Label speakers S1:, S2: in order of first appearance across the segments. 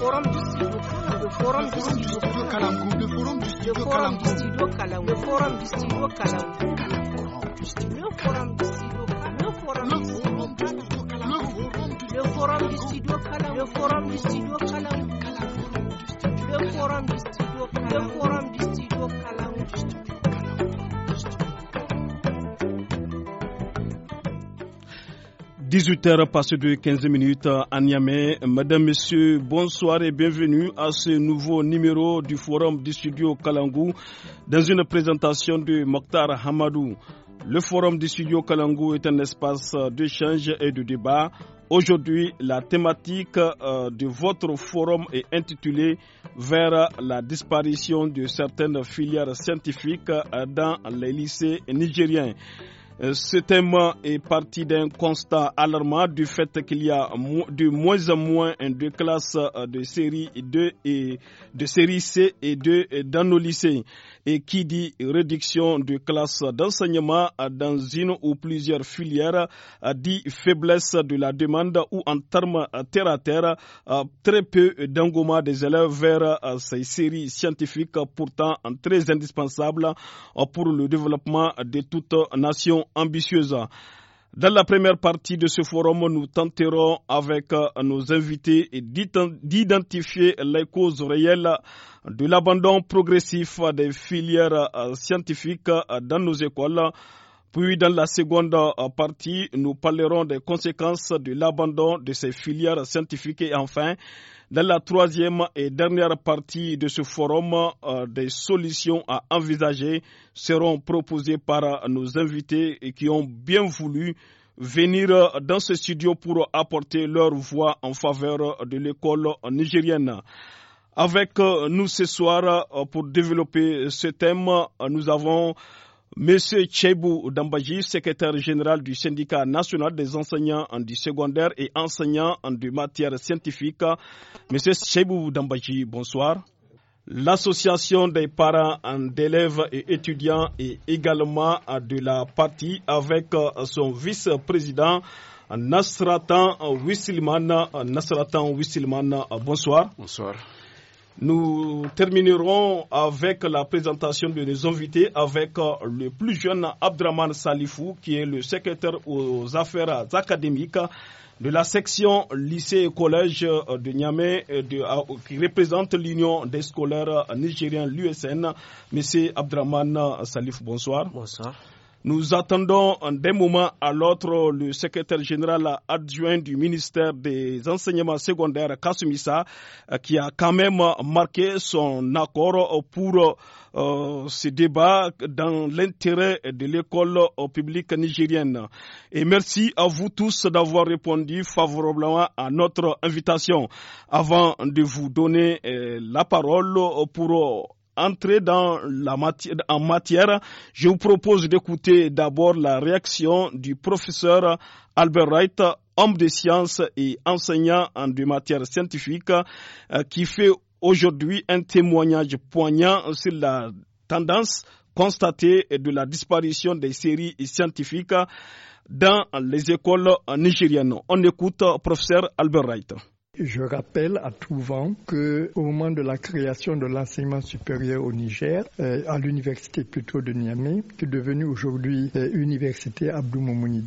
S1: forum du studio le forum du studio le forum du studio le forum du studio le forum du studio le forum du studio forum du studio le forum du studio forum du studio forum du
S2: 18h passé de 15 minutes à Niamey. Madame, Messieurs, bonsoir et bienvenue à ce nouveau numéro du Forum du Studio Kalangou dans une présentation de Mokhtar Hamadou. Le Forum du Studio Kalangou est un espace d'échange et de débat. Aujourd'hui, la thématique euh, de votre forum est intitulée Vers la disparition de certaines filières scientifiques euh, dans les lycées nigériens. Euh, Ce thème est parti d'un constat alarmant du fait qu'il y a de moins en moins de classes euh, de série 2 et de série C et 2 dans nos lycées. Et qui dit réduction de classes d'enseignement dans une ou plusieurs filières dit faiblesse de la demande ou en termes terre à terre, très peu d'engouement des élèves vers ces séries scientifiques pourtant très indispensables pour le développement de toute nation ambitieuse. Dans la première partie de ce forum, nous tenterons avec euh, nos invités d'identifier les causes réelles de l'abandon progressif des filières euh, scientifiques euh, dans nos écoles. Puis, dans la seconde partie, nous parlerons des conséquences de l'abandon de ces filières scientifiques et enfin, dans la troisième et dernière partie de ce forum, euh, des solutions à envisager seront proposées par nos invités qui ont bien voulu venir euh, dans ce studio pour apporter leur voix en faveur de l'école nigérienne. Avec euh, nous ce soir, pour développer ce thème, nous avons Monsieur Chebu Dambaji, secrétaire général du syndicat national des enseignants du secondaire et enseignants en de matières scientifiques. Monsieur Chebu Dambaji, bonsoir. L'association des parents d'élèves et étudiants est également de la partie avec euh, son vice-président Nasratan Wissilman. Nasratan Wissilman, euh, bonsoir. Bonsoir. Nous terminerons avec la présentation de nos invités avec euh, le plus jeune Abdraman Salifou qui est le secrétaire aux affaires académiques de la section lycée et collège euh, de Niamey euh, qui représente l'Union des scolaires nigériens, l'USN. Monsieur Abdraman Salifou, bonsoir. Bonsoir. Nous attendons d'un moment à l'autre le secrétaire général adjoint du ministère des enseignements secondaires, Kasumissa, euh, qui a quand même marqué son accord pour euh, ce débat dans l'intérêt de l'école publique nigérienne. Et merci à vous tous d'avoir répondu favorablement à notre invitation. Avant de vous donner euh, la parole pour entrer dans la matière, en matière, je vous propose d'écouter d'abord la réaction du professeur Albert Wright, homme de sciences et enseignant en matière scientifique, euh, qui fait aujourd'hui un témoignage poignant sur la tendance constatée de la disparition des séries scientifiques dans les écoles nigériennes. On écoute euh, professeur Albert Wright.
S3: Je rappelle à tout vent que au moment de la création de l'enseignement supérieur au Niger, euh, à l'université plutôt de Niamey, qui est devenue aujourd'hui euh, université Abdou Moumouni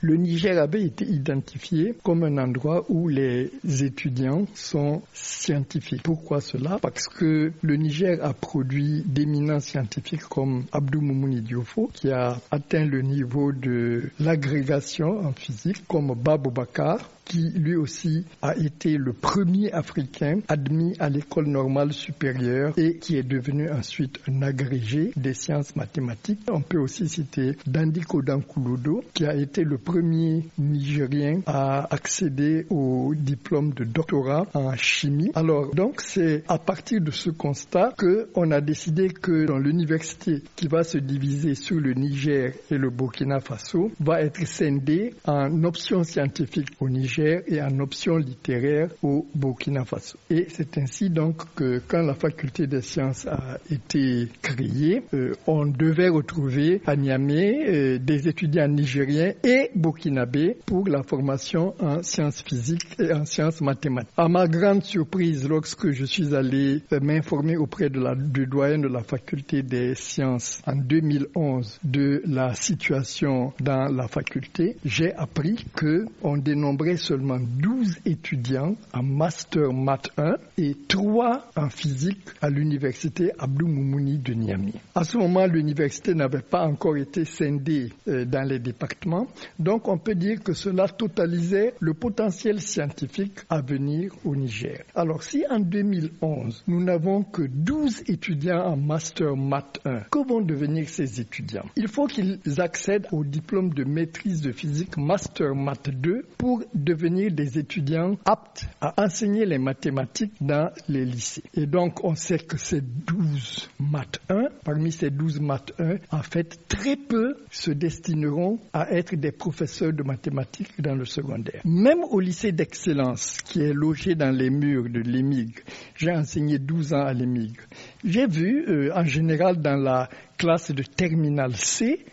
S3: le Niger avait été identifié comme un endroit où les étudiants sont scientifiques. Pourquoi cela Parce que le Niger a produit d'éminents scientifiques comme Abdou Moumouni Diofo, qui a atteint le niveau de l'agrégation en physique, comme Babou Bakar, qui lui aussi a été le premier Africain admis à l'école normale supérieure et qui est devenu ensuite un agrégé des sciences mathématiques. On peut aussi citer Dandiko Dankulodo, qui a été le premier Nigérien à accéder au diplôme de doctorat en chimie. Alors, donc, c'est à partir de ce constat que on a décidé que dans l'université qui va se diviser sur le Niger et le Burkina Faso va être scindée en option scientifique au Niger et en option littéraire au Burkina Faso. Et c'est ainsi donc que quand la faculté des sciences a été créée, euh, on devait retrouver à Niamey euh, des étudiants nigériens et burkinabés pour la formation en sciences physiques et en sciences mathématiques. À ma grande surprise, lorsque je suis allé euh, m'informer auprès de la, du doyen de la faculté des sciences en 2011 de la situation dans la faculté, j'ai appris que on dénombrait seulement 12 étudiants en master math 1 et 3 en physique à l'université Abdou Moumouni de Niamey. À ce moment, l'université n'avait pas encore été scindée euh, dans les départements, donc on peut dire que cela totalisait le potentiel scientifique à venir au Niger. Alors si en 2011, nous n'avons que 12 étudiants en master math 1, que vont devenir ces étudiants Il faut qu'ils accèdent au diplôme de maîtrise de physique master math 2 pour de devenir des étudiants aptes à enseigner les mathématiques dans les lycées. Et donc, on sait que ces 12 maths 1, parmi ces 12 maths 1, en fait, très peu se destineront à être des professeurs de mathématiques dans le secondaire. Même au lycée d'excellence, qui est logé dans les murs de l'EMIG, j'ai enseigné 12 ans à l'EMIG, j'ai vu, euh, en général, dans la classe de terminale C,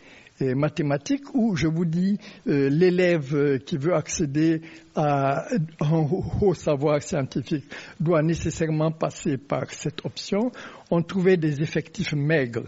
S3: mathématiques où je vous dis euh, l'élève euh, qui veut accéder à un haut savoir scientifique doit nécessairement passer par cette option. On trouvait des effectifs maigres,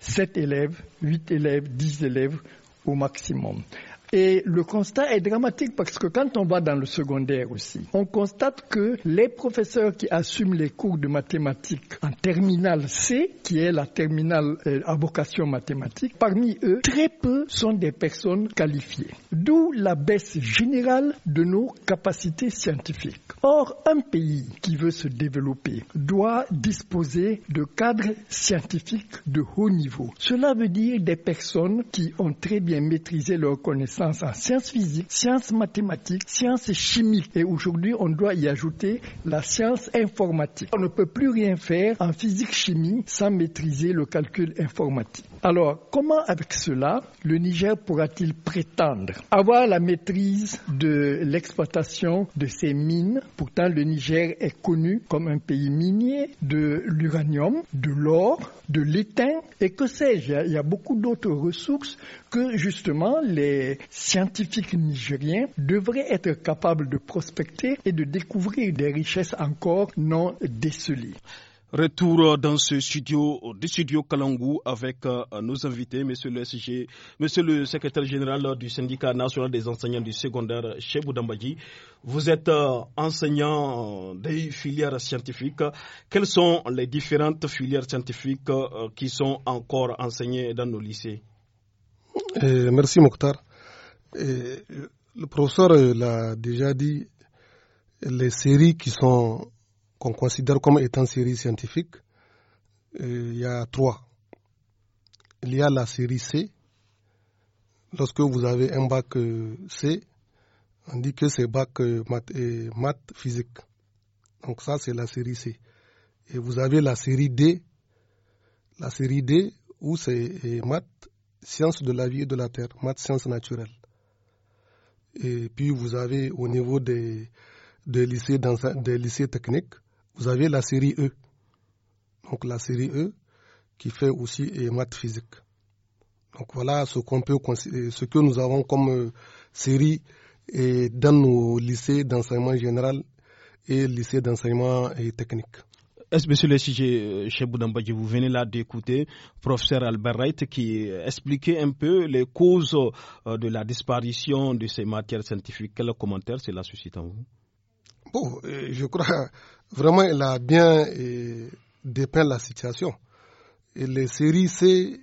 S3: 7 élèves, huit élèves, 10 élèves au maximum. Et le constat est dramatique parce que quand on va dans le secondaire aussi, on constate que les professeurs qui assument les cours de mathématiques en terminale C, qui est la terminale euh, à vocation mathématique, parmi eux, très peu sont des personnes qualifiées. D'où la baisse générale de nos capacités scientifiques. Or, un pays qui veut se développer doit disposer de cadres scientifiques de haut niveau. Cela veut dire des personnes qui ont très bien maîtrisé leurs connaissances sciences, sciences physiques, sciences mathématiques, sciences chimiques. Et aujourd'hui, on doit y ajouter la science informatique. On ne peut plus rien faire en physique-chimie sans maîtriser le calcul informatique. Alors, comment avec cela, le Niger pourra-t-il prétendre avoir la maîtrise de l'exploitation de ses mines Pourtant, le Niger est connu comme un pays minier de l'uranium, de l'or, de l'étain, et que sais-je, il y a beaucoup d'autres ressources que justement les scientifiques nigériens devraient être capables de prospecter et de découvrir des richesses encore non décelées.
S2: Retour dans ce studio, du studio Kalangou, avec euh, nos invités, monsieur le SG, monsieur le secrétaire général du syndicat national des enseignants du secondaire, chez Vous êtes euh, enseignant euh, des filières scientifiques. Quelles sont les différentes filières scientifiques qui sont encore enseignées dans nos lycées?
S4: merci, Mokhtar. le professeur l'a déjà dit, les séries qui sont qu'on considère comme étant série scientifique, euh, il y a trois. Il y a la série C. Lorsque vous avez un bac euh, C, on dit que c'est bac euh, maths, et physique. Donc ça, c'est la série C. Et vous avez la série D. La série D, où c'est maths, sciences de la vie et de la terre, maths, sciences naturelles. Et puis vous avez au niveau des, des lycées, des lycées techniques, vous avez la série E. Donc la série E qui fait aussi et maths physiques. Donc voilà ce qu'on peut euh, ce que nous avons comme euh, série dans nos lycées d'enseignement général
S2: et lycées d'enseignement technique. Est-ce, monsieur le sujet, euh, chez vous venez là d'écouter professeur Albert Wright qui expliquait un peu les causes de la disparition de ces matières scientifiques. Quel commentaire cela suscite en vous
S4: je crois vraiment il a bien dépeint la situation. Et les séries C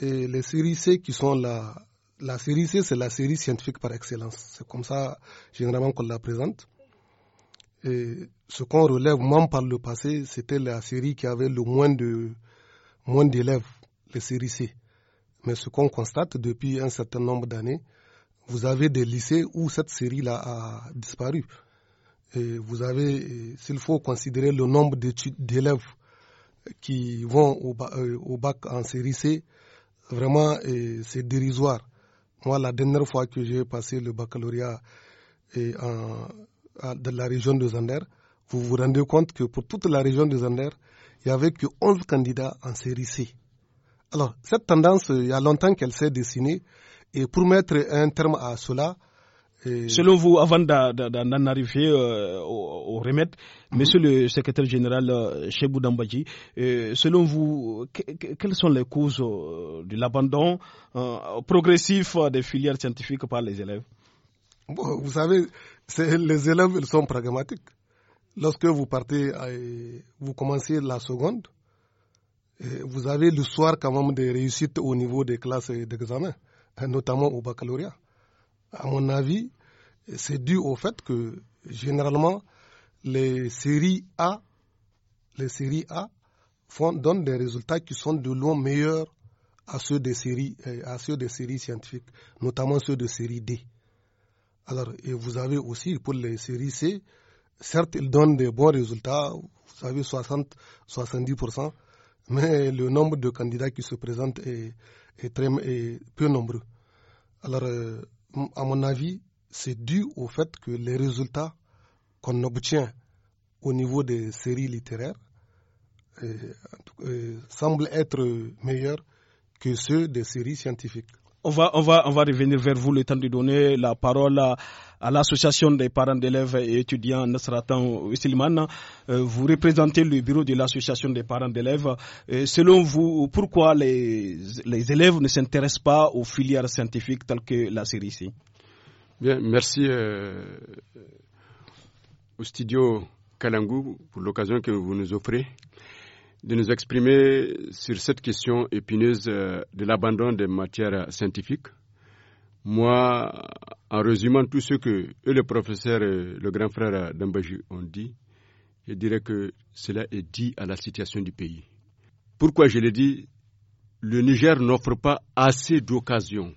S4: les séries C qui sont la la série C c'est la série scientifique par excellence. C'est comme ça généralement qu'on la présente. Et ce qu'on relève même par le passé, c'était la série qui avait le moins de moins d'élèves, les séries C. Mais ce qu'on constate depuis un certain nombre d'années, vous avez des lycées où cette série-là a disparu vous avez, s'il faut considérer le nombre d'élèves qui vont euh, au bac, en série C, vraiment, c'est dérisoire. Moi, la dernière fois que j'ai passé le baccalauréat et dans la région de Zander, vous vous rendez compte que pour toute la région de Zander, il n'y avait que 11 candidats en série C. Alors, cette tendance, il y a longtemps qu'elle s'est dessinée. Et pour mettre
S2: un terme à cela, Selon vous, avant d'en arriver euh, au, remède, mhm. Monsieur le Secrétaire général euh, Chebou euh, selon vous, quelles sont les causes de l'abandon progressif des filières scientifiques par les élèves Vous savez, les élèves ils sont pragmatiques.
S4: Lorsque vous partez, vous commencez la seconde, vous avez le soir quand même des réussites au niveau des classes d'examen, hein, notamment au baccalauréat. À mon avis, c'est dû au fait que généralement les séries A, les séries A font, donnent des résultats qui sont de loin meilleurs à ceux des séries, euh, à ceux des séries scientifiques, notamment ceux de séries D. Alors, et vous avez aussi pour les séries C, certes, ils donnent des bons résultats, vous savez, 60, 70%, mais le nombre de candidats qui se présentent est, est très, est peu nombreux. Alors, euh, à mon avis, c'est dû au fait que les résultats qu'on obtient au niveau des séries littéraires euh, euh, semblent être meilleurs que ceux des séries scientifiques.
S2: On va, revenir vers vous le temps de donner la parole à, l'association des parents d'élèves et étudiants Nasratan Silman. Euh, vous représentez le bureau de l'association des parents d'élèves. selon vous, pourquoi les, les élèves ne s'intéressent pas aux filières scientifiques telles que la série C
S5: Bien, merci euh, au studio Kalangou pour l'occasion que vous nous offrez de nous exprimer sur cette question épineuse euh, de l'abandon des matières scientifiques. Moi, en résumant tout ce que le professeur et euh, le grand frère d'Ambaji ont dit, je dirais que cela est dit à la situation du pays. Pourquoi je le dis Le Niger n'offre pas assez d'occasions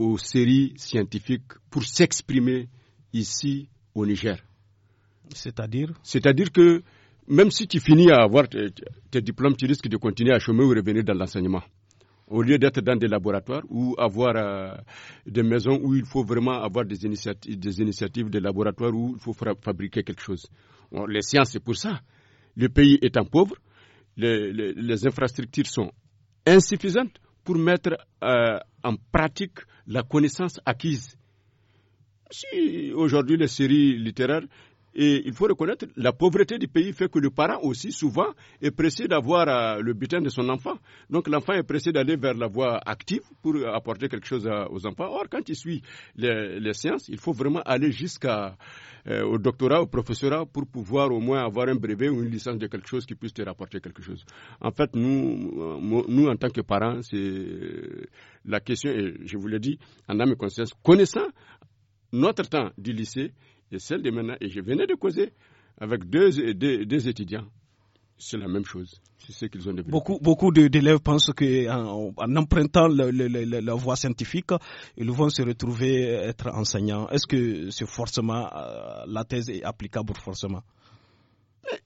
S5: aux séries scientifiques pour s'exprimer ici au Niger.
S2: C'est-à-dire
S5: C'est-à-dire que même si tu finis à avoir tes, diplômes, tu risques de continuer à chômer ou revenir dans l'enseignement. Au lieu d'être dans des laboratoires ou avoir euh, des maisons où il faut vraiment avoir des initiatives, des initiatives de laboratoires où il faut fabriquer quelque chose. les sciences, c'est pour ça. Le pays étant pauvre, les, infrastructures sont insuffisantes pour mettre euh, en pratique la connaissance acquise. Si aujourd'hui les séries littéraires et il faut reconnaître, la pauvreté du pays fait que le parent aussi, souvent, est pressé d'avoir euh, le butin de son enfant. Donc l'enfant est pressé d'aller vers la voie active pour apporter quelque chose aux enfants. Or, quand il suit les, sciences, il faut vraiment aller jusqu'à euh, au doctorat, au professorat, pour pouvoir au moins avoir un brevet ou une licence de quelque chose qui puisse te rapporter quelque chose. En fait, nous, euh, nous en tant que parents, c'est la question, et je vous l'ai dit, en âme et conscience, connaissant notre temps du lycée, et celle de maintenant. Et je venais de causer avec deux, deux, étudiants. C'est la même chose. C'est ce qu'ils ont
S2: Beaucoup, beaucoup d'élèves pensent qu'en en, empruntant la voie scientifique, ils vont se retrouver euh, être enseignants. Est-ce que c'est forcément euh, la thèse est applicable forcément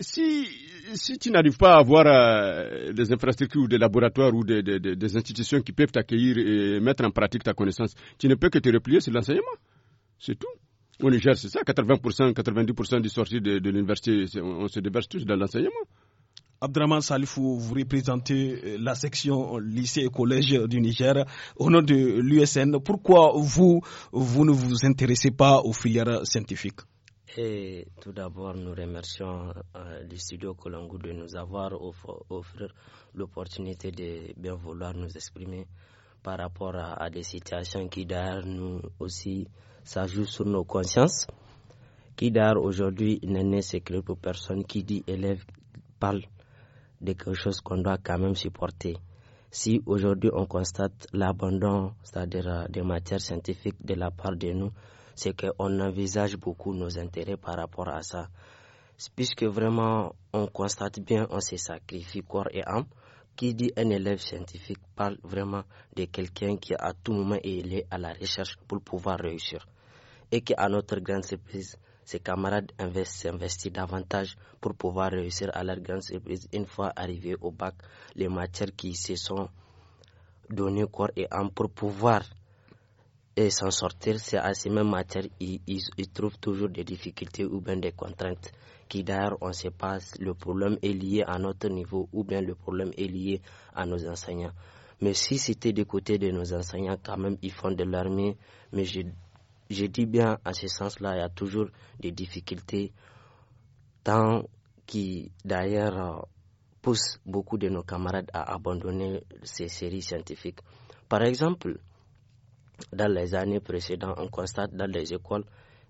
S2: si, tu n'arrives pas à avoir
S5: euh, des infrastructures ou des laboratoires ou des, des institutions qui peuvent t'accueillir et mettre en pratique ta connaissance, tu ne peux que te replier sur l'enseignement. C'est tout. Au Niger, c'est ça, 80%, 90% du sorties de, l'université, on, se déverse tous dans l'enseignement.
S2: Abdraman Salifou, vous représentez euh, la section lycée et collège du Niger au nom de l'USN. Pourquoi vous, vous ne vous intéressez pas aux filières scientifiques
S1: et tout d'abord, nous remercions euh, le studio Colangou de nous avoir offert l'opportunité de bien vouloir nous exprimer par rapport à, des situations qui d'ailleurs nous aussi s'ajoutent sur nos consciences. Qui d'ailleurs aujourd'hui n'est c'est que pour personne qui dit élève parle de quelque chose qu'on doit quand même supporter. Si aujourd'hui on constate l'abandon, c'est-à-dire euh, des matières scientifiques de la part de nous, c'est qu'on envisage beaucoup nos intérêts par rapport à ça. Puisque vraiment on constate bien, on se sacrifie corps et âme, qui dit un élève scientifique parle vraiment de quelqu'un qui à tout moment est à la recherche pour pouvoir réussir. Et qui, à notre grande surprise, ses camarades s'investissent davantage pour pouvoir réussir à leur grande surprise. Une fois arrivés au bac, les matières qui se sont données corps et âme pour pouvoir s'en sortir, c'est à ces mêmes matières qu'ils trouvent toujours des difficultés ou bien des contraintes qui d'ailleurs on pas si le problème est lié à notre niveau ou bien le problème est lié à nos enseignants. Mais si c'était du côté de nos enseignants, quand même, ils font de l'armée. Mais je, je, dis bien, à ce sens-là, il y a toujours des difficultés, tant qui, d'ailleurs, poussent beaucoup de nos camarades à abandonner ces séries scientifiques. Par exemple, dans les années précédentes, on constate dans les écoles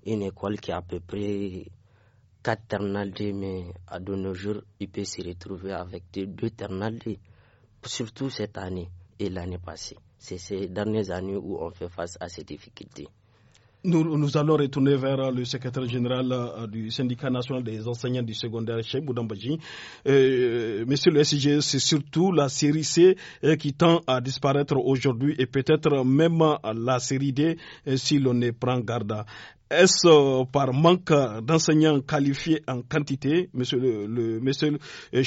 S1: une école qui a à peu près quatre terminales mais à de nos jours, il peut se retrouver avec deux, deux surtout cette année et l'année passée. C'est ces dernières années où on fait face à ces difficultés.
S2: Nous, allons retourner vers le secrétaire général euh, du syndicat national des enseignants du secondaire, chez Boudambaji. Euh, monsieur le SIG, c'est surtout la série C euh, qui tend à disparaître aujourd'hui et peut-être même la série D si l'on ne prend garde. Est-ce euh, par manque d'enseignants qualifiés en quantité, monsieur le, euh,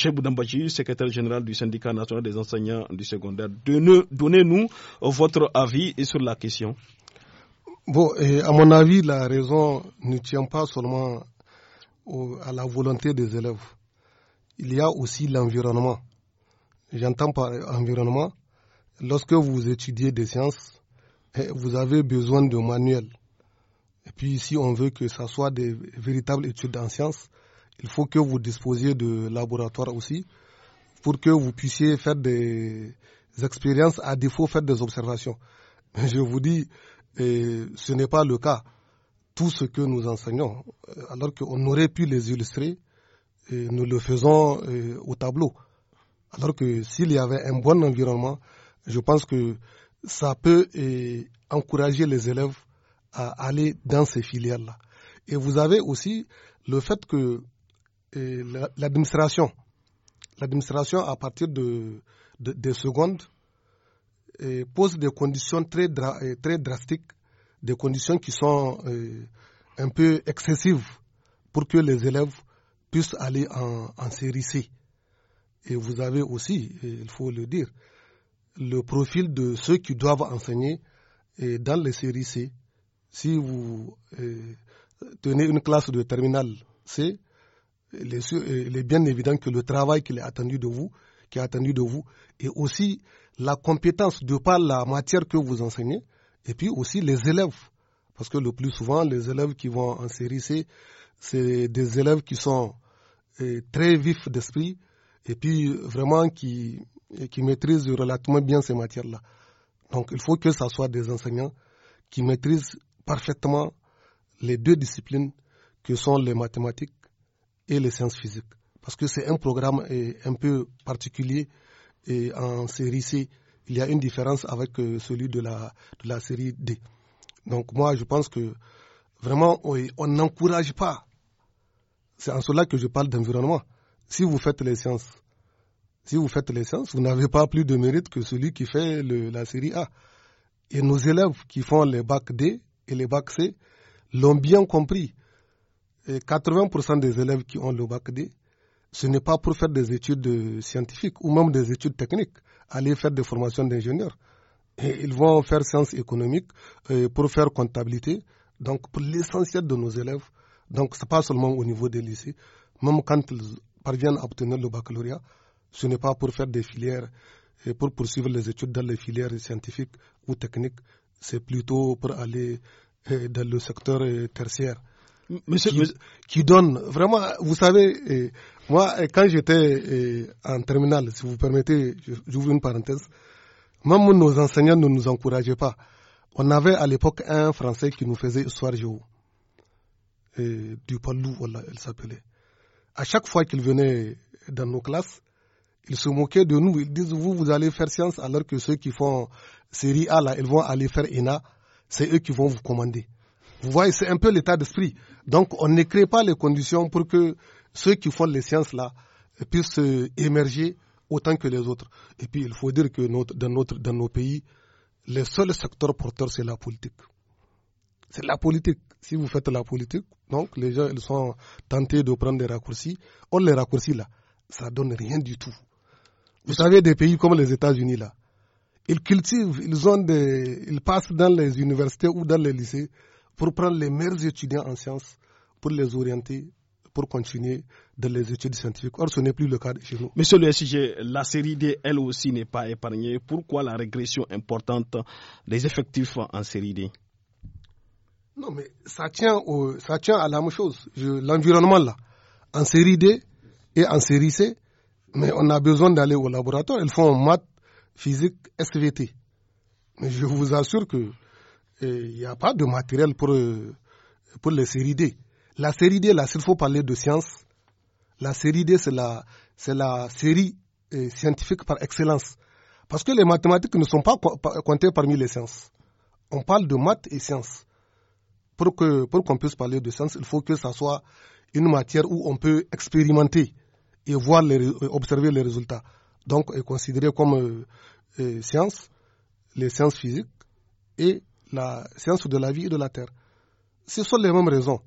S2: secrétaire général du syndicat national des enseignants du secondaire, donnez-nous euh, votre avis sur la question.
S4: Bon, à mon avis, la raison ne tient pas seulement à la volonté des élèves. Il y a aussi l'environnement. J'entends par environnement, lorsque vous étudiez des sciences, eh, vous avez besoin de manuels et puis, si on veut que ça soit des véritables études en sciences, il faut que vous disposiez de laboratoires aussi pour que vous puissiez faire des expériences, à défaut faire des observations. Mais je vous dis, ce n'est pas le cas. Tout ce que nous enseignons, euh, alors qu'on aurait pu les illustrer, nous le faisons euh, au tableau. Alors que s'il y avait un bon environnement, je pense que ça peut encourager les élèves à aller dans ces filières-là. Et vous avez aussi le fait que l'administration, l'administration à partir de, des secondes, pose des conditions très, drastiques, des conditions qui sont un peu excessives pour que les élèves puissent aller en, en série C. Et vous avez aussi, il faut le dire, le profil de ceux qui doivent enseigner dans les séries C si vous euh, tenez une classe de terminale C, euh, il est, bien évident que le travail qui est attendu de vous, qui est attendu de vous, et aussi la compétence de par la matière que vous enseignez, et puis aussi les élèves. Parce que le plus souvent, les élèves qui vont en série C, c'est des élèves qui sont euh, très vifs d'esprit, et puis vraiment qui, qui maîtrisent relativement bien ces matières-là. Donc il faut que ce soit des enseignants qui maîtrisent parfaitement les deux disciplines que sont les mathématiques et les sciences physiques. Parce que c'est un programme euh, un peu particulier et en série C, il y a une différence avec euh, celui de la, de la série D. Donc moi, je pense que vraiment, on n'encourage pas. C'est en cela que je parle d'environnement. Si vous faites les sciences, si vous faites les sciences, vous n'avez pas plus de mérite que celui qui fait le, la série A. Et nos élèves qui font les bacs D, et les bacs C l'ont bien compris. 80% des élèves qui ont le bac D, ce n'est pas pour faire des études euh, scientifiques ou même des études techniques, aller faire des formations d'ingénieurs. ils vont faire sciences économiques euh, pour faire comptabilité. Donc, pour l'essentiel de nos élèves, donc ce n'est pas seulement au niveau des lycées, même quand ils parviennent à obtenir le baccalauréat, ce n'est pas pour faire des filières et pour poursuivre les études dans les filières scientifiques ou techniques, c'est plutôt pour aller euh, dans le secteur euh, tertiaire. Monsieur, qui, donne vraiment, vous savez, euh, moi quand j'étais en terminale, si vous permettez, j'ouvre une parenthèse, même nos enseignants ne nous encourageaient pas. On avait à l'époque un Français qui nous faisait soir jour, du Lou, voilà, elle s'appelait. À chaque fois qu'il venait dans nos classes, ils se moquaient de nous. Ils disent, vous, vous allez faire science alors que ceux qui font série A, là, ils vont aller faire ENA. C'est eux qui vont vous commander. Vous voyez, c'est un peu l'état d'esprit. Donc, on ne crée pas les conditions pour que ceux qui font les sciences, là, puissent émerger autant que les autres. Et puis, il faut dire que dans, nos pays, le seul secteur porteur, c'est la politique. C'est la politique. Si vous faites la politique, donc les gens ils sont tentés de prendre des raccourcis. On les raccourcis là, ça donne rien du tout. Vous savez, des pays comme les États-Unis, là, ils cultivent, ils, ont des, ils passent dans les universités ou dans les lycées pour prendre les meilleurs étudiants en sciences, pour les orienter, pour continuer dans les études scientifiques. Or, ce n'est plus le cas chez nous.
S2: Monsieur le SG, la série D, elle aussi, n'est pas épargnée. Pourquoi la régression importante des effectifs en série D
S4: Non, mais ça tient, au, ça tient à la même chose. L'environnement, là, en série D et en série C, mais on a besoin d'aller au laboratoire. Ils font maths, physique, SVT. Mais je vous assure que eh, il n'y a pas de matériel pour, euh, pour les séries D. La série D, là, s'il faut parler de science, la série D, c'est la, série eh, scientifique par excellence. Parce que les mathématiques ne sont pas comptées parmi les sciences. On parle de maths et sciences. Pour qu'on pour qu'on puisse parler de sciences, il faut que ça soit une matière où on peut expérimenter et voir les, euh, observer les résultats. Donc, est considéré comme euh, euh, science, les sciences physiques et la science de la vie et de la terre. Ce sont les mêmes raisons.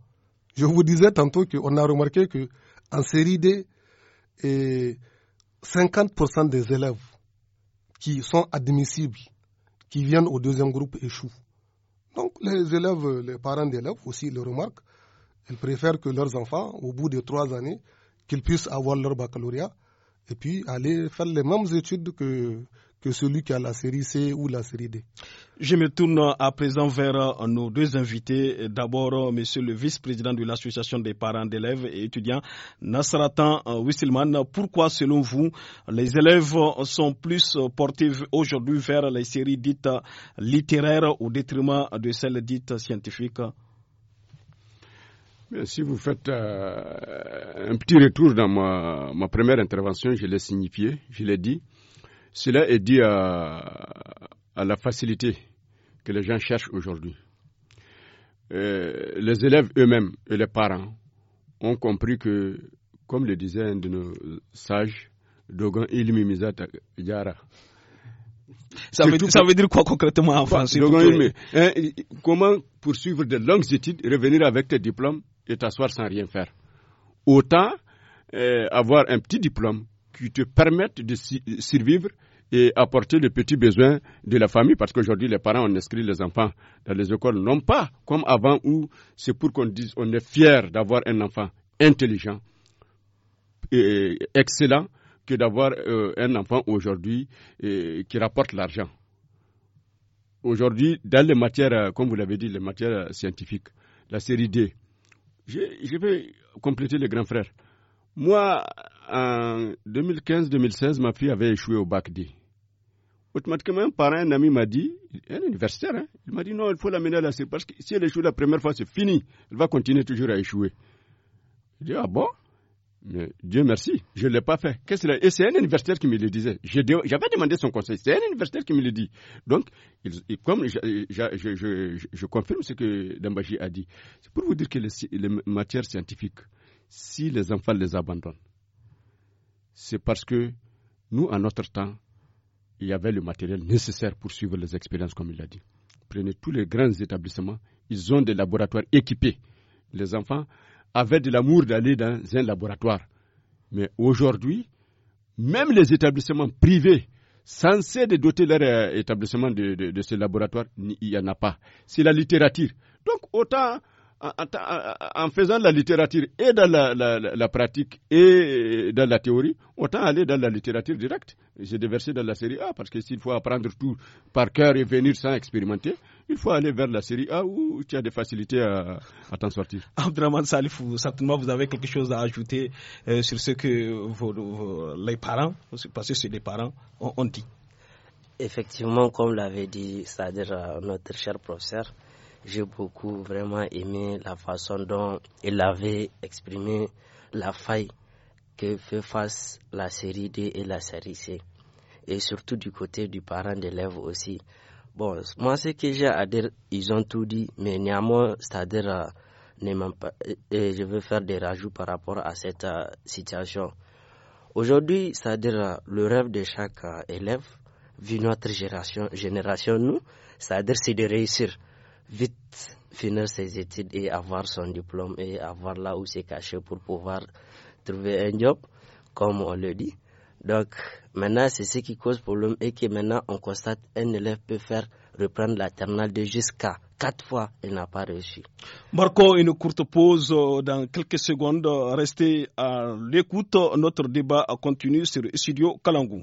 S4: Je vous disais tantôt qu'on a remarqué que en série D, 50% des élèves qui sont admissibles, qui viennent au deuxième groupe, échouent. Donc les élèves, les parents d'élèves aussi le remarquent. Ils préfèrent que leurs enfants, au bout de trois années, qu'ils puissent avoir leur baccalauréat et puis aller faire les mêmes études que, celui qui a la série C ou la série D.
S2: Je me tourne à présent vers euh, nos deux invités. D'abord, euh, monsieur le vice-président de l'association des parents d'élèves et étudiants, Nasratan euh, Wisselman. Pourquoi, selon vous, les élèves sont plus portés aujourd'hui vers les séries dites littéraires au détriment de celles dites scientifiques? Si vous faites
S5: euh, un petit retour dans ma, première intervention, je l'ai signifié, je l'ai dit. Cela est dit à, la facilité que les gens cherchent aujourd'hui. Euh, les élèves eux-mêmes et les parents ont compris que, comme le disait un de nos sages, Dogon Ilmi Mizat Yara.
S2: Ça veut, dire, quoi concrètement en français
S5: hein, comment poursuivre de longues études, revenir avec tes diplômes et t'asseoir sans rien faire. Autant euh, avoir un petit diplôme qui te permette de survivre et apporter les petits besoins de la famille, parce qu'aujourd'hui, les parents, on inscrit les enfants dans les écoles, non pas comme avant où c'est pour qu'on dise on est fier d'avoir un enfant intelligent et excellent que d'avoir euh, un enfant aujourd'hui euh, qui rapporte l'argent. Aujourd'hui, dans les matières, comme vous l'avez dit, les matières scientifiques, la série D, je, vais compléter le grand frère. Moi, en 2015-2016, ma fille avait échoué au bac D. Automatiquement, un parent, un ami m'a dit, un universitaire, hein, il m'a dit non, il faut l'amener à la parce que si elle échoue la première fois, c'est fini. Elle va continuer toujours à échouer. J'ai dit, ah bon Dieu merci, je ne l'ai pas fait. Et c'est un universitaire qui me le disait. J'avais demandé son conseil. C'est un universitaire qui me le dit. Donc, comme je, confirme ce que Dambaji a dit, c'est pour vous dire que les, matières scientifiques, si les enfants les abandonnent, c'est parce que nous, en notre temps, il y avait le matériel nécessaire pour suivre les expériences, comme il l'a dit. Prenez tous les grands établissements, ils ont des laboratoires équipés. Les enfants, avaient de l'amour d'aller dans un laboratoire. Mais aujourd'hui, même les établissements privés censés de doter leur euh, établissement de, de, ces laboratoires, il n'y en a pas. C'est la littérature. Donc autant en, faisant la littérature et dans la, pratique et euh, dans la théorie, autant aller dans la littérature directe. J'ai déversé dans la série A parce que s'il faut apprendre tout par cœur et venir sans expérimenter,
S2: il faut aller vers la série A où tu as des facilités à, t'en sortir. Abdraman Salif, certainement vous avez quelque chose à ajouter euh, sur ce que les parents, parce que c'est les parents, ont, dit.
S1: Effectivement, comme l'avait dit, cest notre cher professeur, j'ai beaucoup vraiment aimé la façon dont il avait exprimé la faille que fait face la série D et la série C. Et surtout du côté du parent d'élève aussi. Bon, moi, ce que j'ai à dire, ils ont tout dit, mais néanmoins, c'est-à-dire, euh, je veux faire des rajouts par rapport à cette euh, situation. Aujourd'hui, c'est-à-dire, euh, le rêve de chaque élève, vu notre génération, génération nous, c'est-à-dire, c'est de réussir vite, finir ses études et avoir son diplôme et avoir là où c'est caché pour pouvoir trouver un job, comme on le dit. Donc, maintenant, c'est ce qui cause problème et que maintenant, on constate un élève peut faire reprendre la terminale de jusqu'à quatre fois, et n'a pas réussi.
S2: Marco, une courte pause euh, dans quelques secondes. Restez à l'écoute. Notre débat continue sur Studio Kalangou.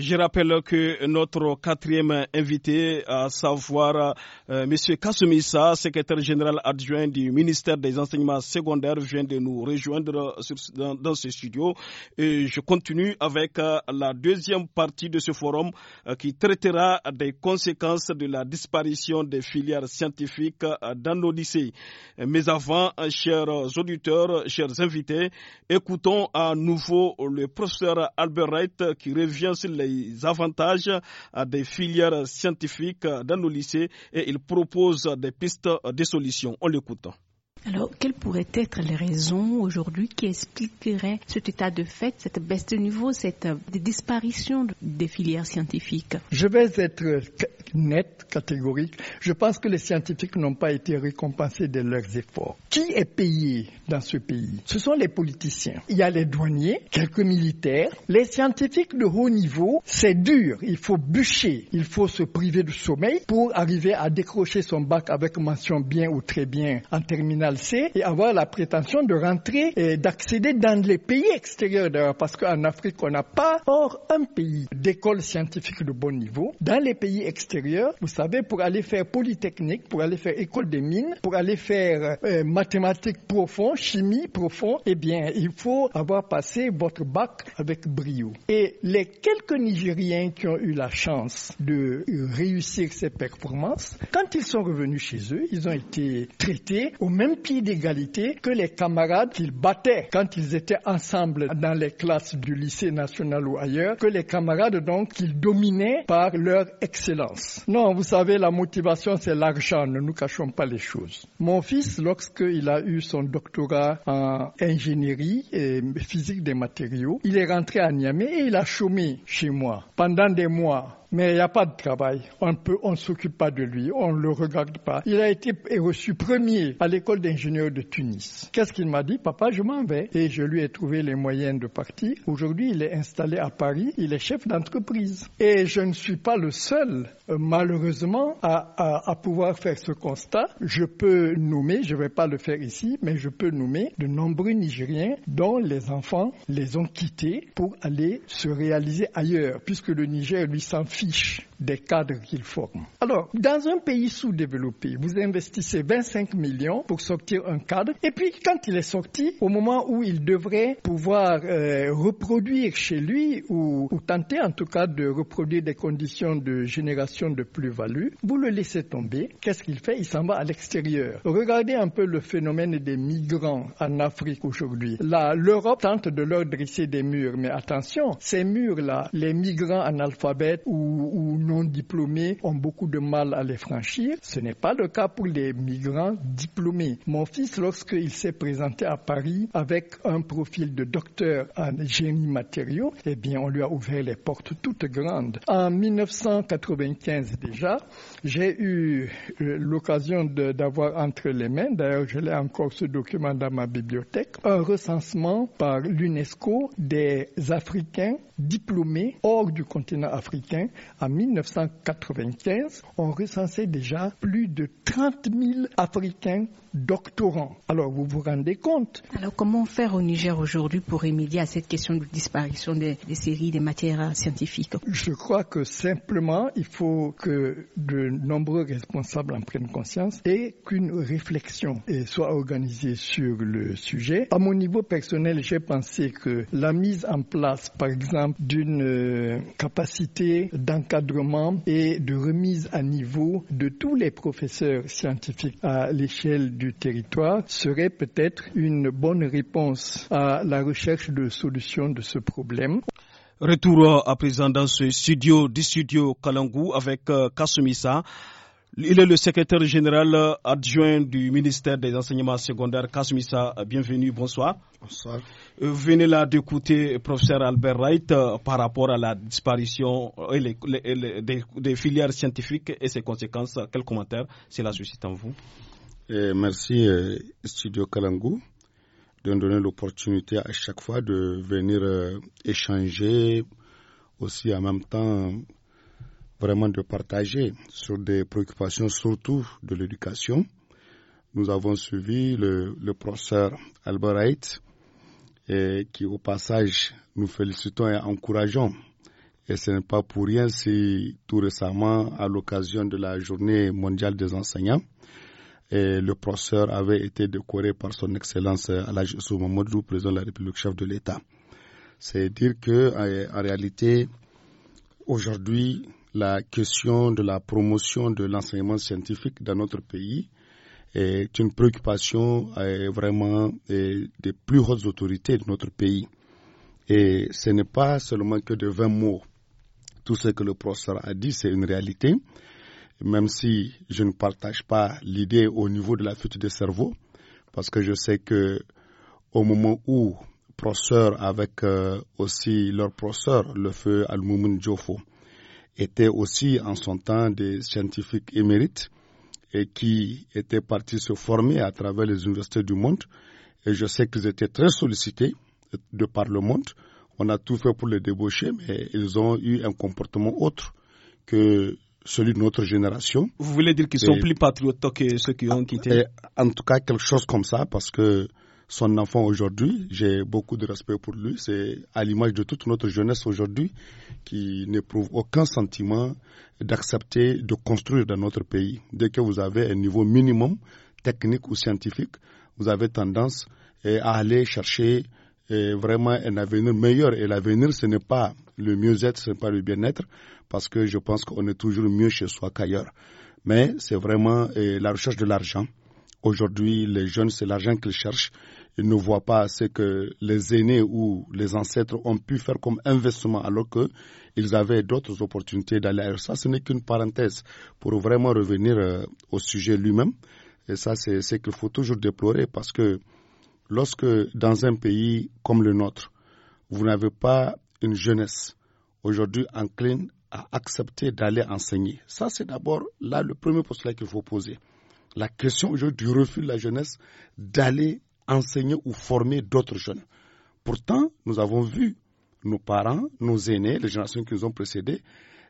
S2: Je rappelle que notre quatrième invité, à savoir euh, M. Kasumissa, secrétaire général adjoint du ministère des Enseignements secondaires, vient de nous rejoindre dans, ce studio. Et je continue avec euh, la deuxième partie de ce forum euh, qui traitera des conséquences de la disparition des filières scientifiques dans nos lycées. Mais avant, chers auditeurs, chers invités, écoutons à nouveau le professeur Albert Wright qui revient sur les les avantages des filières scientifiques dans nos lycées et il propose des pistes de solutions. On l'écoute.
S1: Alors, quelles pourraient être les raisons aujourd'hui qui expliqueraient
S5: cet
S3: état de fait, cette baisse de niveau, cette euh, disparition des filières scientifiques Je vais être net, catégorique. Je pense que les scientifiques n'ont pas été récompensés de leurs efforts. Qui est payé dans ce pays Ce sont les politiciens. Il y a les douaniers, quelques militaires. Les scientifiques de haut niveau, c'est dur. Il faut bûcher. Il faut se priver du sommeil pour arriver à décrocher son bac avec mention bien ou très bien en terminale C et avoir la prétention de rentrer et d'accéder dans les pays extérieurs parce qu'en Afrique, on n'a pas hors un pays d'école scientifique de bon niveau. Dans les pays extérieurs, vous savez, pour aller faire polytechnique, pour aller faire école des mines, pour aller faire euh, mathématiques profondes, chimie profonde, eh bien, il faut avoir passé votre bac avec brio. Et les quelques Nigériens qui ont eu la chance de réussir ces performances, quand ils sont revenus chez eux, ils ont été traités au même pied d'égalité que les camarades qu'ils battaient quand ils étaient ensemble dans les classes du lycée national ou ailleurs, que les camarades donc qu'ils dominaient par leur excellence. Non, vous savez, la motivation, c'est l'argent. Ne nous cachons pas les choses. Mon fils, lorsqu'il a eu son doctorat en ingénierie et physique des matériaux, il est rentré à Niamey et il a chômé chez moi pendant des mois. Mais il n'y a pas de travail. On ne on s'occupe pas de lui. On ne le regarde pas. Il a été reçu premier à l'école d'ingénieurs de Tunis. Qu'est-ce qu'il m'a dit? Papa, je m'en vais. Et je lui ai trouvé les moyens de partir. Aujourd'hui, il est installé à Paris. Il est chef d'entreprise. Et je ne suis pas le seul euh, malheureusement, à, pouvoir faire ce constat, je peux nommer, je ne vais pas le faire ici, mais je peux nommer de nombreux Nigériens dont les enfants les ont quittés pour aller se réaliser ailleurs, puisque le Niger, lui, s'en fiche des cadres qu'ils forment. Alors, dans un pays sous-développé, vous investissez 25 millions pour sortir un cadre, et puis quand il est sorti, au moment où il devrait pouvoir euh, reproduire chez lui, ou, tenter en tout cas de reproduire des conditions de génération de plus-value, vous le laissez tomber. Qu'est-ce qu'il fait Il s'en va à l'extérieur. Regardez un peu le phénomène des migrants en Afrique aujourd'hui. Là, l'Europe tente de leur dresser des murs, mais attention, ces murs-là, les migrants analphabètes ou, ou non diplômés ont beaucoup de mal à les franchir. Ce n'est pas le cas pour les migrants diplômés. Mon fils, lorsqu'il s'est présenté à Paris avec un profil de docteur en génie matériaux, eh bien, on lui a ouvert les portes toutes grandes. En 1995 déjà, j'ai eu euh, l'occasion d'avoir entre les mains, d'ailleurs, je l'ai encore ce document dans ma bibliothèque, un recensement par l'UNESCO des Africains diplômés hors du continent africain, en 1995, on recensait déjà plus de 30 000 Africains doctorants. Alors vous vous rendez compte. Alors comment faire au Niger aujourd'hui pour remédier à cette question de disparition des, séries des matières scientifiques Je crois que simplement il faut que de nombreux responsables en prennent conscience et qu'une réflexion soit organisée sur le sujet. À mon niveau personnel, j'ai pensé que la mise en place, par exemple, d'une euh, capacité d'encadrement et de remise à niveau de tous les professeurs scientifiques à l'échelle du territoire serait peut-être une bonne réponse à la recherche de solutions de ce problème.
S2: Retour à présent dans ce studio du studio Kalangou avec euh, Kasumissa. Il est le secrétaire général euh, adjoint du ministère des enseignements secondaires, Kasumissa, euh, Bienvenue, bonsoir. Bonsoir. Venez là d'écouter professeur Albert Wright par rapport à la disparition des, des, filières scientifiques et ses conséquences. Quel commentaire cela suscite en vous
S6: merci euh, Studio Kalangu de nous donner l'opportunité à chaque fois de venir euh, échanger, aussi en même temps vraiment de partager sur des préoccupations surtout de l'éducation. Nous avons suivi le, professeur Albert qui au passage nous félicitons et encourageons. Et ce n'est pas pour rien si tout récemment, à l'occasion de la journée mondiale des enseignants, et le professeur avait été décoré par son excellence Alaj Mamadou, président de la République, chef de l'État. C'est dire que, euh, en réalité, aujourd'hui, la question de la promotion de l'enseignement scientifique dans notre pays est une préoccupation euh, vraiment euh, des plus hautes autorités de notre pays. Et ce n'est pas seulement que de 20 mots. Tout ce que le professeur a dit, c'est une réalité même si je ne partage pas l'idée au niveau de la fuite des cerveau, parce que je sais que au moment où professeur avec euh, aussi leur professeur, le feu Al-Moumoun Jofo, était aussi en son temps des scientifiques émérites et qui étaient partis se former à travers les universités du monde. Et je sais qu'ils étaient très sollicités de par le monde. On a tout fait pour les débaucher, mais ils ont eu un comportement autre que celui de notre génération.
S2: Vous voulez dire qu'ils sont plus
S6: patriotes que ceux qui ont quitté En tout cas, quelque chose comme ça, parce que son enfant aujourd'hui, j'ai beaucoup de respect pour lui. C'est à l'image de toute notre jeunesse aujourd'hui qui n'éprouve aucun sentiment d'accepter de construire dans notre pays. Dès que vous avez un niveau minimum technique ou scientifique, vous avez tendance eh, à aller chercher eh, vraiment un avenir meilleur. Et l'avenir, ce n'est pas le mieux-être, ce n'est pas le bien-être, parce que je pense qu'on est toujours mieux chez soi qu'ailleurs. Mais c'est vraiment la recherche de l'argent. Aujourd'hui, les jeunes, c'est l'argent qu'ils cherchent. Ils ne voient pas ce que les aînés ou les ancêtres ont pu faire comme investissement alors qu'ils avaient d'autres opportunités d'aller Ça, ce n'est qu'une parenthèse pour vraiment revenir euh, au sujet lui-même. Et ça, c'est ce qu'il faut toujours déplorer parce que lorsque dans un pays comme le nôtre, vous n'avez pas une jeunesse aujourd'hui encline à accepter d'aller enseigner. Ça, c'est d'abord là le premier postulat qu'il faut poser. La question aujourd'hui du refus de la jeunesse d'aller enseigner ou former d'autres jeunes. Pourtant, nous avons vu nos parents, nos aînés, les générations qui nous ont précédés,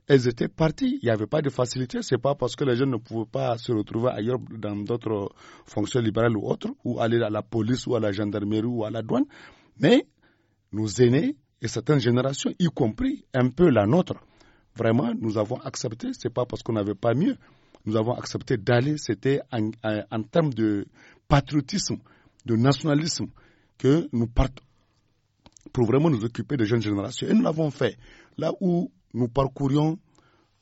S6: elles étaient parties. Il n'y avait pas de facilité. C'est pas parce que les jeunes ne pouvaient pas se retrouver ailleurs dans d'autres fonctions libérales ou autres, ou aller à la police ou à la gendarmerie ou à la douane. Mais nos aînés, et certaines générations, y compris un peu la nôtre, vraiment, nous avons accepté, ce n'est pas parce qu'on n'avait pas mieux, nous avons accepté d'aller, c'était en, termes de patriotisme, de nationalisme, que nous partons pour vraiment nous occuper des jeunes générations. Et nous l'avons fait, là où nous parcourions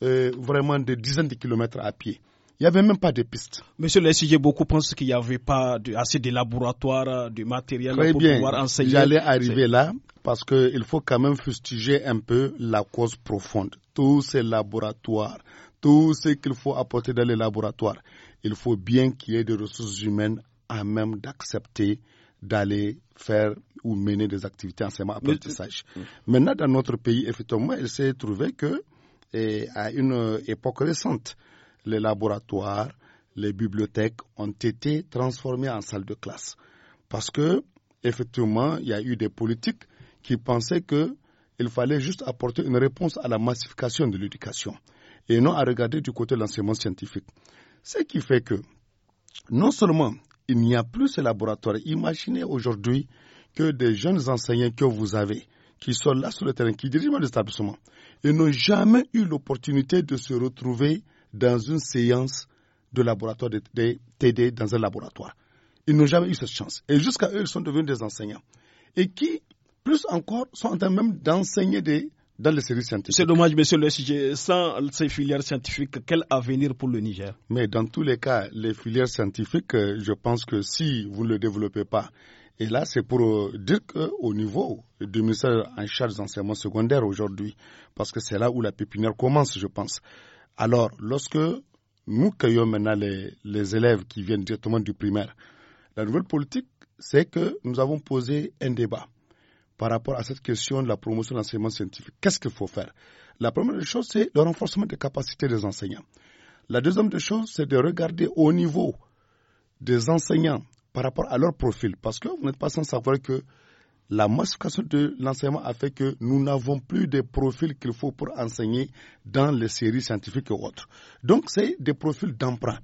S6: euh,
S2: vraiment des dizaines de kilomètres à pied. Il n'y avait même pas de pistes. Monsieur le SIG, beaucoup pensent qu'il n'y avait pas de, assez de laboratoires, de matériel pour pouvoir enseigner. J'allais arriver
S6: là parce qu'il faut quand même fustiger un peu la cause profonde. Tous ces laboratoires, tout ce qu'il faut apporter dans les laboratoires, il faut bien qu'il y ait des ressources humaines à même d'accepter d'aller faire ou mener des activités enseignement-apprentissage. Maintenant, dans notre pays, effectivement, il s'est trouvé que, eh, à une époque récente, les laboratoires, les bibliothèques ont été transformés en salles de classe. Parce que, effectivement, il y a eu des politiques qui pensaient qu'il fallait juste apporter une réponse à la massification de l'éducation et non à regarder du côté de l'enseignement scientifique. Ce qui fait que, non seulement il n'y a plus ces laboratoires, imaginez aujourd'hui que des jeunes enseignants que vous avez, qui sont là sur le terrain, qui dirigent l'établissement, ils n'ont jamais eu l'opportunité de se retrouver dans une séance de laboratoire de TD dans un laboratoire. Ils n'ont jamais eu cette chance. Et jusqu'à eux, ils sont devenus des enseignants. Et qui, plus encore,
S2: sont en train même d'enseigner des dans les séries scientifiques. C'est dommage, monsieur le sujet. Sans ces filières scientifiques, quel avenir pour le Niger
S6: Mais dans tous les cas, les filières scientifiques, euh, je pense que si vous ne le développez pas, et là, c'est pour euh, dire qu'au niveau du ministère en charge des enseignements secondaires aujourd'hui, parce que c'est là où la pépinière commence, je pense. Alors, lorsque nous cueillons maintenant les, élèves qui viennent directement du primaire, la nouvelle politique, c'est que nous avons posé un débat par rapport à cette question de la promotion de l'enseignement scientifique. Qu'est-ce qu'il faut faire La première chose, c'est le renforcement des capacités des enseignants. La deuxième chose, c'est de regarder au niveau des enseignants par rapport à leur profil, parce que vous n'êtes pas sans savoir que la massification de l'enseignement a fait que nous n'avons plus des profils qu'il faut pour enseigner dans les séries scientifiques et autres. Donc, c'est des profils d'emprunt.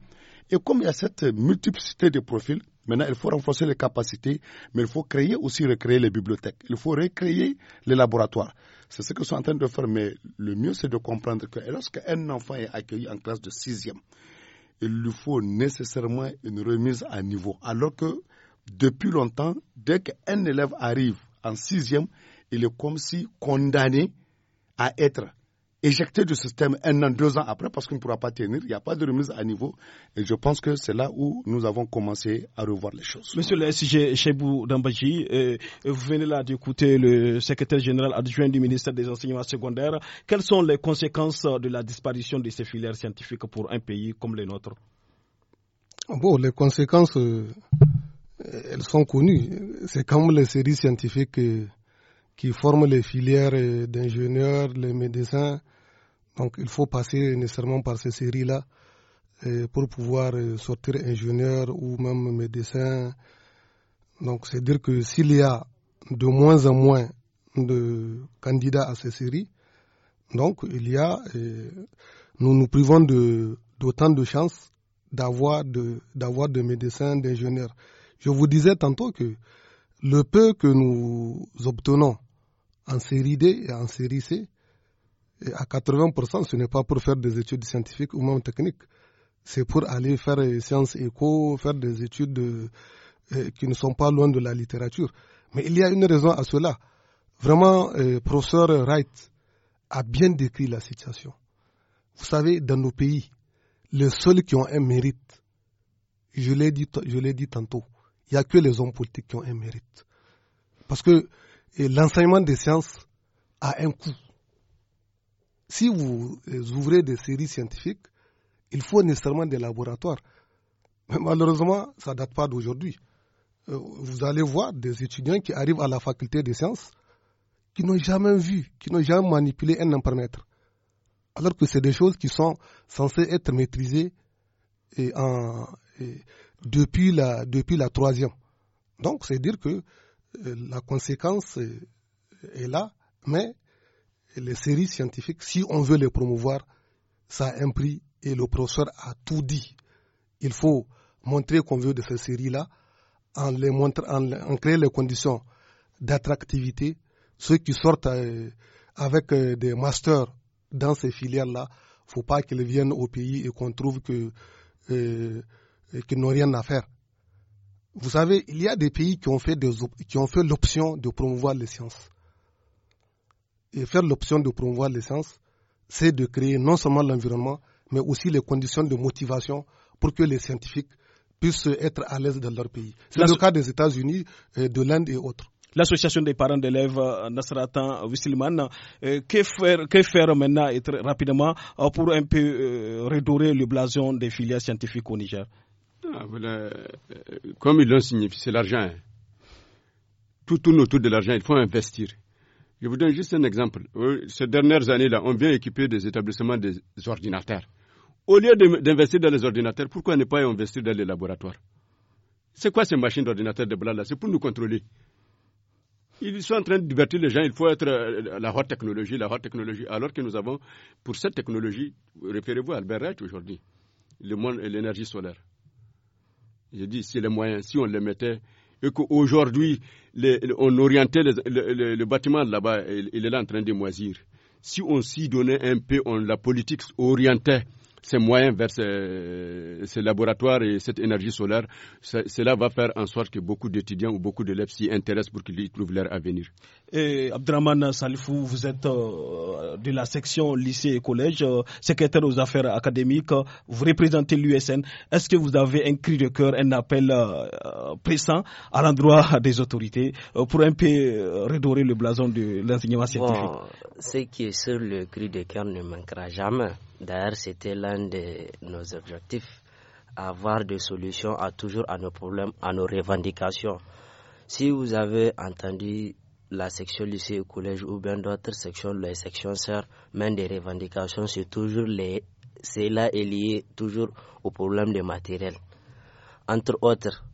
S6: Et comme il y a cette multiplicité de profils, maintenant, il faut renforcer les capacités, mais il faut créer aussi, recréer les bibliothèques. Il faut recréer les laboratoires. C'est ce que sont en train de faire, mais le mieux, c'est de comprendre que lorsqu'un enfant est accueilli en classe de sixième, il lui faut nécessairement une remise à niveau. Alors que depuis longtemps, dès qu'un élève arrive en sixième, il est comme si condamné à être éjecté du système un an, deux ans après parce qu'il ne pourra pas tenir. Il n'y a pas de remise à niveau. Et je pense que c'est là où nous avons commencé à revoir les choses.
S2: Monsieur le SG Chebou Dambaji, euh, vous venez là d'écouter le secrétaire général adjoint du ministère des Enseignements secondaires. Quelles sont les conséquences de la disparition de ces filières scientifiques pour un pays comme le nôtre
S4: Bon, les conséquences, euh, euh, elles sont connues. C'est comme les séries scientifiques euh, qui forment les filières euh, d'ingénieurs, les médecins. Donc il faut passer nécessairement par ces séries-là pour pouvoir sortir ingénieur ou même médecin. Donc c'est dire que s'il y a de moins en moins de candidats à ces séries, donc il y a, nous nous privons d'autant de, chances d'avoir de, d'avoir de médecins, d'ingénieurs. Je vous disais tantôt que le peu que nous obtenons en série D et en série C, à 80%, ce n'est pas pour faire des études scientifiques ou même techniques. C'est pour aller faire des sciences éco, faire des études euh, euh, qui ne sont pas loin de la littérature. Mais il y a une raison à cela. Vraiment, le euh, professeur Wright a bien décrit la situation. Vous savez, dans nos pays, les seuls qui ont un mérite, je l'ai dit, je l'ai dit tantôt, il n'y a que les hommes politiques qui ont un mérite. Parce que l'enseignement des sciences a un coût. Si vous euh, ouvrez des séries scientifiques, il faut nécessairement des laboratoires. Mais malheureusement, ça ne date pas d'aujourd'hui. Euh, vous allez voir des étudiants qui arrivent à la faculté des sciences qui n'ont jamais vu, qui n'ont jamais manipulé un impermètre. Alors que c'est des choses qui sont censées être maîtrisées et en, depuis la, depuis la troisième. Donc, c'est dire que euh, la conséquence euh, est là, mais les séries scientifiques, si on veut les promouvoir, ça a un prix et le professeur a tout dit. Il faut montrer qu'on veut de ces séries-là en, les en, créant les conditions d'attractivité. Ceux qui sortent euh, avec des masters dans ces filières-là, faut pas qu'ils viennent au pays et qu'on trouve que euh, qui n'ont rien à faire. Vous savez, il y a des pays qui ont fait, qui ont fait l'option de promouvoir les sciences. Et faire l'option de promouvoir les sciences, c'est de créer non seulement l'environnement, mais aussi les conditions de motivation pour que les scientifiques puissent être à l'aise
S2: dans leur pays. C'est le cas des États-Unis, euh, de l'Inde et autres. L'association des parents d'élèves euh, Nasratan Wisselman, que faire, faire maintenant et très rapidement pour un peu redorer le blason des filières scientifiques au Niger
S5: ah, euh, comme ils l'ont signifié, c'est l'argent. Tout tourne autour de l'argent, il faut investir. Je vous donne juste un exemple. Euh, ces dernières années-là, on vient équiper des établissements des ordinateurs. Au lieu d'investir dans les ordinateurs, pourquoi ne pas investir dans les laboratoires C'est quoi ces machines d'ordinateurs de blanc C'est pour nous contrôler. Ils sont en train de divertir les gens, il faut être euh, la haute technologie, la haute technologie, alors que nous avons, pour cette technologie, référez-vous à Albert Reich aujourd'hui, l'énergie solaire. Je dis, si les moyens, si on les mettait, et qu'aujourd'hui, on orientait le, bâtiment là-bas, il, est là en train de moisir. Si on s'y donnait un peu, on la politique orientait ces moyens vers ces, laboratoires et cette énergie solaire, cela va faire en sorte que beaucoup d'étudiants ou beaucoup d'élèves s'y intéressent pour qu'ils trouvent leur avenir.
S2: Et Abdraman Salifou, vous êtes euh, de la section lycée et collège, euh, secrétaire aux affaires académiques, euh, vous représentez l'USN. Est-ce que vous avez un cri de cœur, un appel pressant à l'endroit des autorités pour un peu redorer le blason de l'enseignement scientifique
S1: Ce qui est sur le cri de cœur ne manquera jamais. D'ailleurs, c'était l'un de nos objectifs, avoir des solutions à toujours à nos problèmes, à nos revendications. Si vous avez entendu la section lycée ou collège ou bien d'autres sections, les sections sœurs, même des revendications, c'est toujours cela est lié toujours au problème de matériel. Entre autres,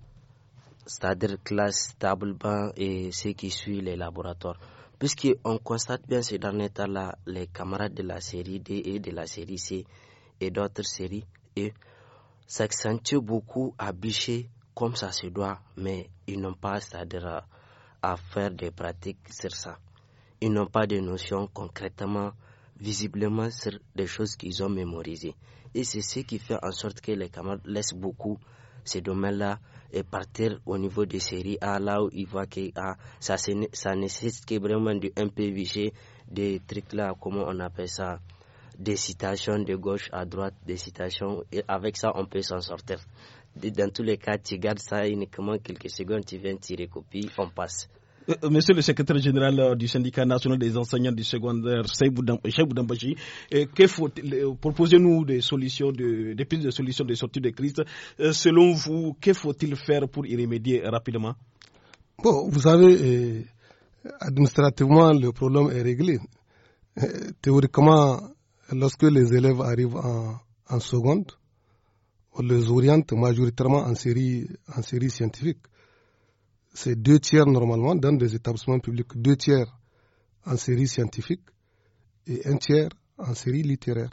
S1: c'est-à-dire classe, table, banc et ce qui suit les laboratoires puisqu'on constate bien ces derniers temps-là, les camarades de la série D et de la série C et d'autres séries, et s'accentuent beaucoup à bicher comme ça se doit, mais ils n'ont pas, à faire des pratiques sur ça. Ils n'ont pas de notions concrètement, visiblement sur des choses qu'ils ont mémorisées. Et c'est ce qui fait en sorte que les camarades laissent beaucoup ces domaines-là et partir au niveau des séries A, là où il voit que ah, ça, ça nécessite que vraiment du MPVG, des trucs là, comment on appelle ça, des citations de gauche à droite, des citations, et avec ça, on peut s'en sortir. Dans tous les cas, tu gardes ça uniquement quelques secondes, tu viens tirer copie, on passe.
S2: Euh, monsieur le secrétaire général euh, du syndicat national des enseignants du secondaire, euh, Cheikh proposez-nous des solutions, de, des pistes de solutions de sortie de crise. Selon vous, que faut-il faire pour y remédier rapidement
S4: Bon, vous savez, administrativement, le problème est réglé. théoriquement, lorsque les élèves arrivent en, seconde, on les oriente majoritairement en série scientifique c'est deux tiers normalement dans des établissements publics, deux tiers en série scientifique et un tiers en série littéraire.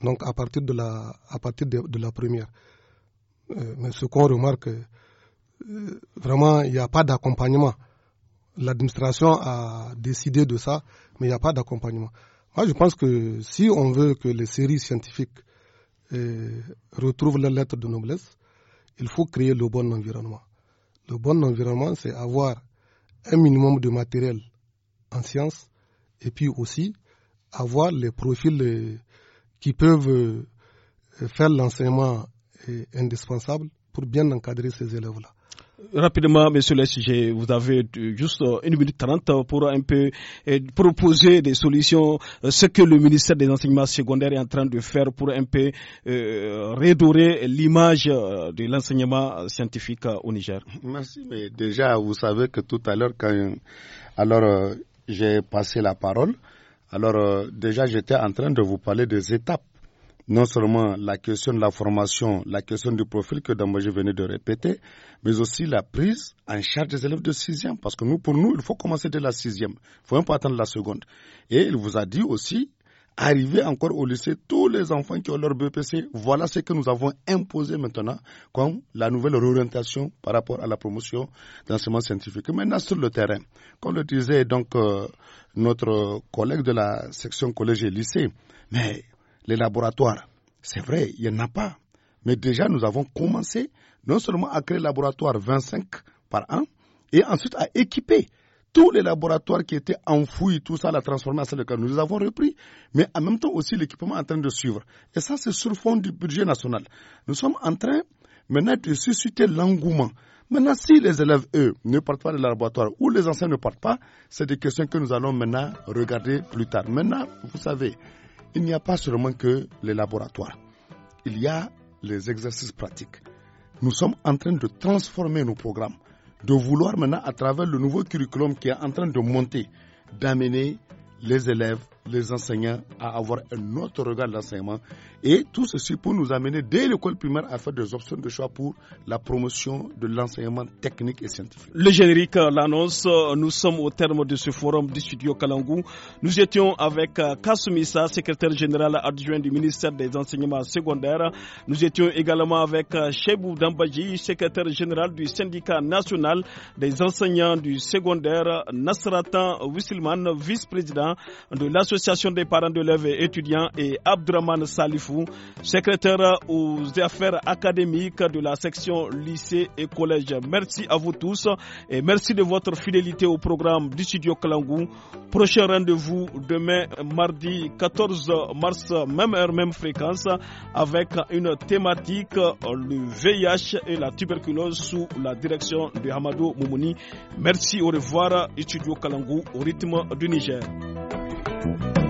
S4: Donc à partir de la, à partir de, la première. Euh, mais ce qu'on remarque,
S1: euh,
S4: vraiment, il n'y a pas d'accompagnement. L'administration a décidé de ça, mais il n'y a pas d'accompagnement. Moi, je pense que si on veut que les séries scientifiques euh, retrouvent la lettre de noblesse, il faut créer le bon environnement. Le bon environnement, c'est avoir un minimum de matériel en sciences et puis aussi avoir les profils euh, qui peuvent euh, faire l'enseignement euh, indispensable pour bien encadrer ces élèves-là
S2: rapidement, monsieur le vous avez euh, juste euh, une minute trente pour un peu euh, proposer des solutions, ce que le ministère des enseignements secondaires est en train de faire pour un peu redorer l'image de l'enseignement scientifique au Niger.
S6: Merci, mais déjà, vous savez que tout à l'heure, quand alors j'ai passé la parole, alors déjà j'étais en train de vous parler des étapes non seulement la question de la formation, la question du profil que je venait de répéter, mais aussi la prise en charge des élèves de sixième. Parce que nous, pour nous, il faut commencer dès la sixième. Il faut pas attendre la seconde. Et il vous a dit aussi, arriver encore au lycée, tous les enfants qui ont leur BPC, voilà ce que nous avons imposé maintenant comme la nouvelle réorientation par rapport à la promotion d'enseignement scientifique. Maintenant, sur le terrain, comme le disait donc euh, notre collègue de la section collège et lycée, mais les laboratoires. C'est vrai, il n'y en a pas. Mais déjà, nous avons commencé non seulement à créer laboratoires 25 par an, et ensuite à équiper tous les laboratoires qui étaient enfouis, tout ça, la transformation celle cas, nous les avons repris, mais en même temps aussi l'équipement en train de suivre. Et ça, c'est sur fond du budget national. Nous sommes en train maintenant de susciter l'engouement. Maintenant, si les élèves, eux, ne partent pas de laboratoire ou les enseignants ne partent pas, c'est des questions que nous allons maintenant regarder plus tard. Maintenant, vous savez, il n'y a pas seulement que les laboratoires. Il y a les exercices pratiques. Nous sommes en train de transformer nos programmes, de vouloir maintenant, à travers le nouveau curriculum qui est en train de monter, d'amener les élèves les enseignants à avoir un autre regard de l'enseignement. Et tout ceci pour nous amener dès l'école primaire à faire des options de choix pour la promotion de l'enseignement
S2: technique et scientifique. Le générique l'annonce. Nous sommes au terme de ce forum du studio Kalangou. Nous étions avec euh, Kasumisa, secrétaire général adjoint du ministère des enseignements secondaires. Nous étions également avec euh, Chebou Dambaji, secrétaire général du syndicat national des enseignants du secondaire, Nasratan Wisselman, vice-président de l'association l'Association des parents d'élèves et étudiants et Abdraman Salifou, secrétaire aux affaires académiques de la section lycée et collège. Merci à vous tous et merci de votre fidélité au programme du studio Kalangou. Prochain rendez-vous demain, mardi 14 mars, même heure, même fréquence, avec une thématique, le VIH et la tuberculose sous la direction de Hamadou Moumouni. Merci, au revoir, Studio Kalangou au rythme du Niger. you